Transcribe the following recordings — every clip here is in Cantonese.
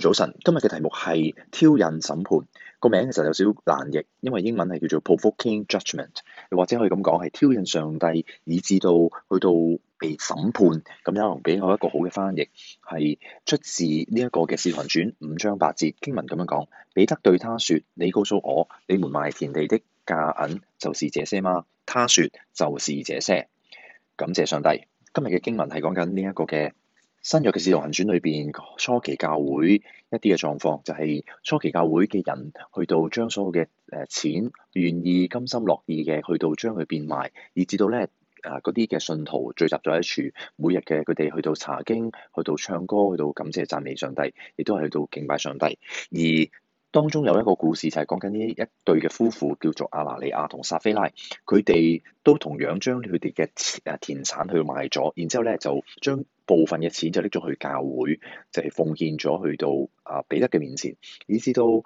早晨，今日嘅題目係挑釁審判，個名其實有少少難譯，因為英文係叫做 provoking judgment 又或者可以咁講係挑釁上帝，以至到去到被審判。咁有冇俾我一個好嘅翻譯？係出自呢一個嘅《使徒行傳》五章八節經文咁樣講。彼得對他說：你告訴我，你們賣田地的價銀就是這些嗎？他說：就是這些。感謝上帝，今日嘅經文係講緊呢一個嘅。新約嘅使徒行傳裏邊，初期教會一啲嘅狀況，就係初期教會嘅人去到將所有嘅誒錢，願意甘心樂意嘅去到將佢變賣，以至到咧啊嗰啲嘅信徒聚集咗一處，每日嘅佢哋去到查經，去到唱歌，去到感謝讚美上帝，亦都係去到敬拜上帝。而當中有一個故事就係講緊呢一對嘅夫婦，叫做亞拿尼亞同撒非喇，佢哋都同樣將佢哋嘅誒田產去賣咗，然之後咧就將。部分嘅錢就拎咗去教會，就係、是、奉獻咗去到啊彼得嘅面前，以至到誒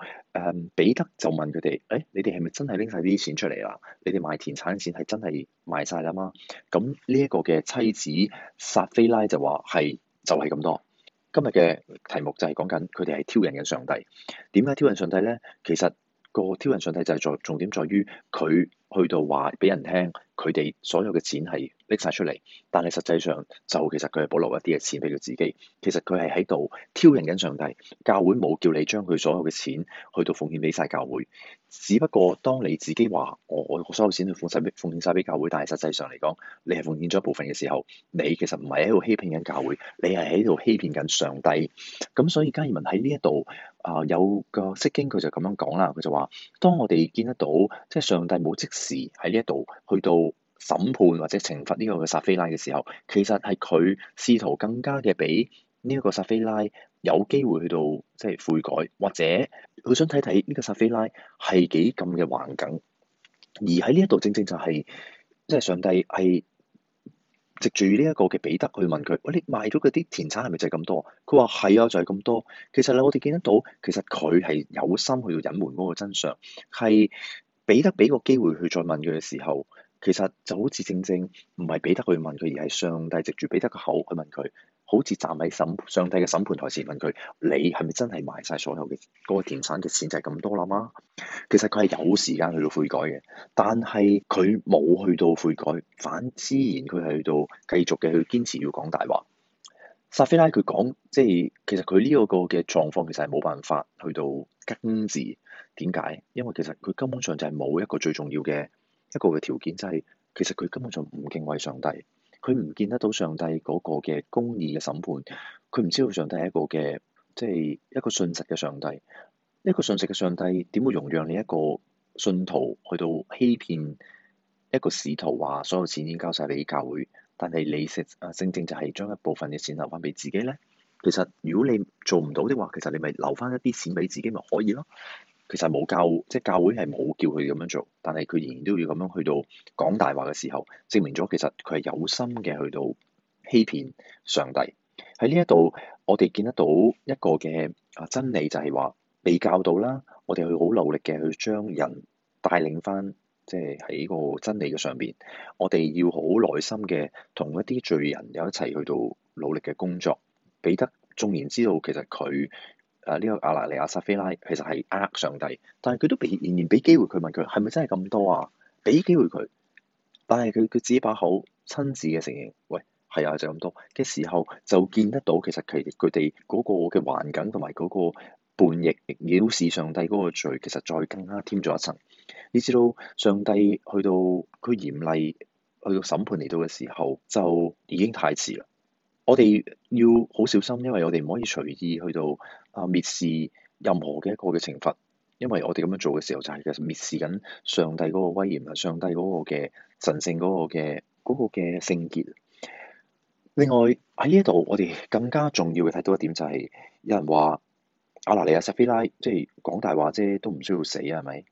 彼得就問佢哋：誒、哎、你哋係咪真係拎晒啲錢出嚟啦？你哋賣田產嘅錢係真係賣晒啦嘛？」咁呢一個嘅妻子撒菲拉就話係就係、是，咁多。今日嘅題目就係講緊佢哋係挑釁嘅上帝，點解挑釁上帝咧？其實。個挑釁上帝就係在重點，在於佢去到話俾人聽，佢哋所有嘅錢係拎晒出嚟，但係實際上就其實佢係保留一啲嘅錢俾佢自己。其實佢係喺度挑釁緊上帝。教會冇叫你將佢所有嘅錢去到奉獻俾晒教會，只不過當你自己話我我所有錢去奉獻俾奉獻曬俾教會，但係實際上嚟講，你係奉獻咗一部分嘅時候，你其實唔係喺度欺騙緊教會，你係喺度欺騙緊上帝。咁所以加爾文喺呢一度。啊！有個釋經，佢就咁樣講啦。佢就話：當我哋見得到，即係上帝冇即時喺呢一度去到審判或者懲罰呢個嘅撒菲拉嘅時候，其實係佢試圖更加嘅俾呢一個撒菲拉有機會去到即係悔改，或者佢想睇睇呢個撒菲拉係幾咁嘅頑梗。」而喺呢一度，正正就係、是、即係上帝係。藉住呢一個嘅彼得去問佢，喂，你賣咗嗰啲田產係咪就係咁多？佢話係啊，就係咁多。其實我哋見得到，其實佢係有心去隱瞞嗰個真相，係彼得俾個機會去再問佢嘅時候，其實就好似正正唔係彼得去問佢，而係上帝藉住彼得嘅口去問佢。好似站喺審上帝嘅審判台前問佢：你係咪真係賣晒所有嘅嗰、那個田產嘅錢就係咁多啦嘛？其實佢係有時間去到悔改嘅，但係佢冇去到悔改，反之然佢係去到繼續嘅去堅持要講大話。薩菲拉佢講，即係其實佢呢個個嘅狀況其實係冇辦法去到根治。點解？因為其實佢根本上就係冇一個最重要嘅一個嘅條件，就係、是、其實佢根本上唔敬畏上帝。佢唔見得到上帝嗰個嘅公義嘅審判，佢唔知道上帝係一個嘅即係一個信實嘅上帝，一個信實嘅上帝點會容讓你一個信徒去到欺騙一個使徒話所有錢已經交曬俾教會，但係你食啊正正就係將一部分嘅錢留翻俾自己咧。其實如果你做唔到的話，其實你咪留翻一啲錢俾自己咪可以咯。其實冇教，即係教會係冇叫佢咁樣做，但係佢仍然都要咁樣去到講大話嘅時候，證明咗其實佢係有心嘅去到欺騙上帝。喺呢一度，我哋見得到一個嘅啊真理就係話被教導啦，我哋去好努力嘅去將人帶領翻，即係喺個真理嘅上邊，我哋要好耐心嘅同一啲罪人有一齊去到努力嘅工作。彼得縱然知道其實佢。啊！呢個亞拿尼亞撒非喇其實係呃上帝，但係佢都仍然俾機會佢，問佢係咪真係咁多啊？俾機會佢，但係佢佢自己把口親自嘅承認，喂，係啊，就咁多嘅時候，就見得到其實其佢哋嗰個嘅環境同埋嗰個叛逆亦都視上帝嗰個罪，其實再更加添咗一層。你知道上帝去到佢嚴厲去到審判嚟到嘅時候，就已經太遲啦。我哋要好小心，因為我哋唔可以隨意去到啊蔑視任何嘅一個嘅懲罰，因為我哋咁樣做嘅時候就係其實蔑視緊上帝嗰個威嚴啊，上帝嗰、嗰個嘅神聖嗰個嘅嗰個嘅聖潔。另外喺呢度，我哋更加重要嘅睇到一點就係、是、有人話亞拿尼亞撒非喇，即係講大話啫，都唔需要死啊，係咪？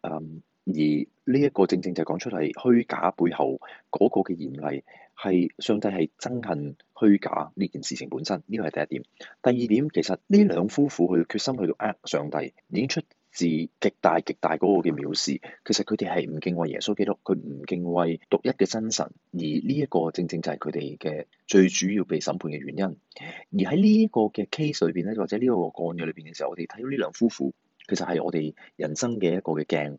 嗯，而呢一個正正就係講出嚟虛假背後嗰個嘅嚴厲。係上帝係憎恨虛假呢件事情本身，呢個係第一點。第二點其實呢兩夫婦去決心去到呃上帝，已經出自極大極大嗰個嘅藐視。其實佢哋係唔敬畏耶穌基督，佢唔敬畏獨一嘅真神，而呢一個正正就係佢哋嘅最主要被審判嘅原因。而喺呢一個嘅 case 裏邊咧，或者呢一個個案嘅裏邊嘅時候，我哋睇到呢兩夫婦其實係我哋人生嘅一個嘅鏡。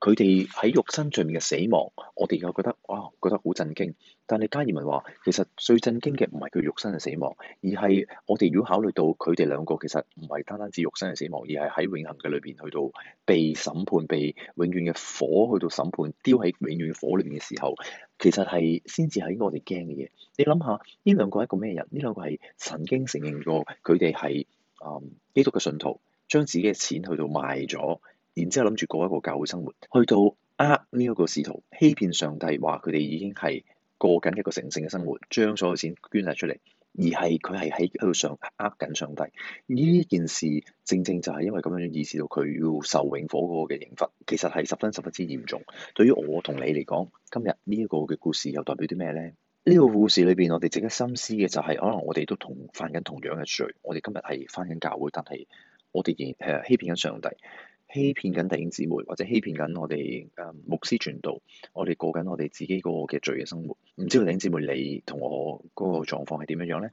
佢哋喺肉身上面嘅死亡，我哋又覺得哇，覺得好震驚。但係加爾文話，其實最震驚嘅唔係佢肉身嘅死亡，而係我哋如果考慮到佢哋兩個其實唔係單單指肉身嘅死亡，而係喺永恒嘅裏邊去到被審判，被永遠嘅火去到審判，丟喺永遠嘅火裏邊嘅時候，其實係先至係我哋驚嘅嘢。你諗下，呢兩個係一個咩人？呢兩個係曾經承認過佢哋係啊基督嘅信徒，將自己嘅錢去到賣咗。然之後諗住過一個教會生活，去到呃呢一個使徒，欺騙上帝，話佢哋已經係過緊一個聖聖嘅生活，將所有錢捐晒出嚟，而係佢係喺喺度上呃緊上帝。呢件事正正就係因為咁樣，意識到佢要受永火嗰個嘅刑罰，其實係十分十分之嚴重。對於我同你嚟講，今日呢一個嘅故事又代表啲咩咧？呢、這個故事裏邊，我哋值得深思嘅就係、是，可能我哋都同犯緊同樣嘅罪。我哋今日係翻緊教會，但係我哋然欺騙緊上帝，欺騙緊弟兄姊妹，或者欺騙緊我哋誒牧師傳道。我哋過緊我哋自己嗰個嘅罪嘅生活，唔知道弟姊妹你同我嗰個狀況係點樣樣咧？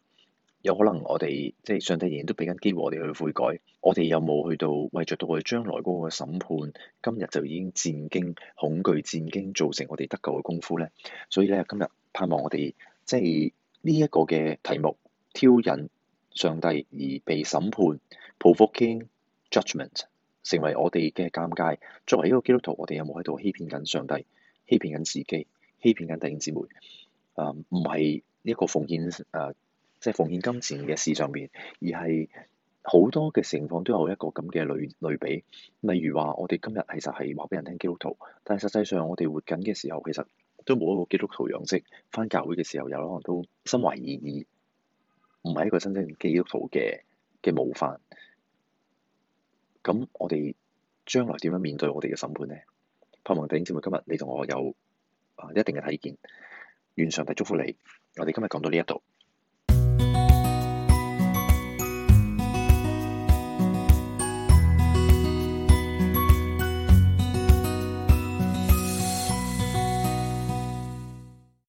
有可能我哋即係上帝仍然都俾緊機會我哋去悔改。我哋有冇去到為著到我哋將來嗰個審判？今日就已經戰驚、恐懼、戰驚，造成我哋得救嘅功夫咧。所以咧，今日盼望我哋即係呢一個嘅題目挑引上帝而被審判 p r o p h e i n g judgment。成為我哋嘅尷尬。作為一個基督徒，我哋有冇喺度欺騙緊上帝、欺騙緊自己、欺騙緊弟兄姊妹？誒、呃，唔係一個奉獻誒，即、呃、係、就是、奉獻金錢嘅事上面，而係好多嘅情況都有一個咁嘅類類比。例如話，我哋今日其實係話俾人聽基督徒，但係實際上我哋活緊嘅時候，其實都冇一個基督徒樣式。返教會嘅時候又可能都心懷異意，唔係一個真正基督徒嘅嘅模範。咁我哋將來點樣面對我哋嘅審判咧？盼望弟兄姊妹，今日你同我有啊一定嘅體驗。願上帝祝福你。我哋今日講到呢一度。